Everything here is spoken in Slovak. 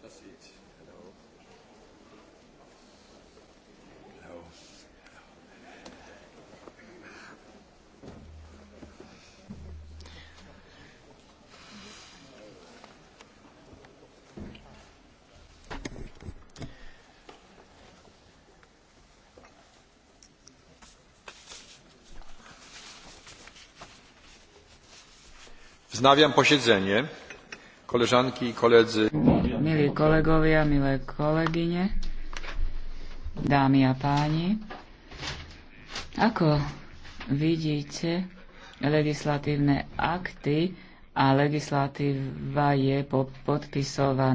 Čas ísť. Vznaviam posiedzenie. Koleżanki i koledzy. Mili kolegovia, milé kolegyne, dámy a páni. Ako vidíte, legislatívne akty a legislatíva je podpisovaná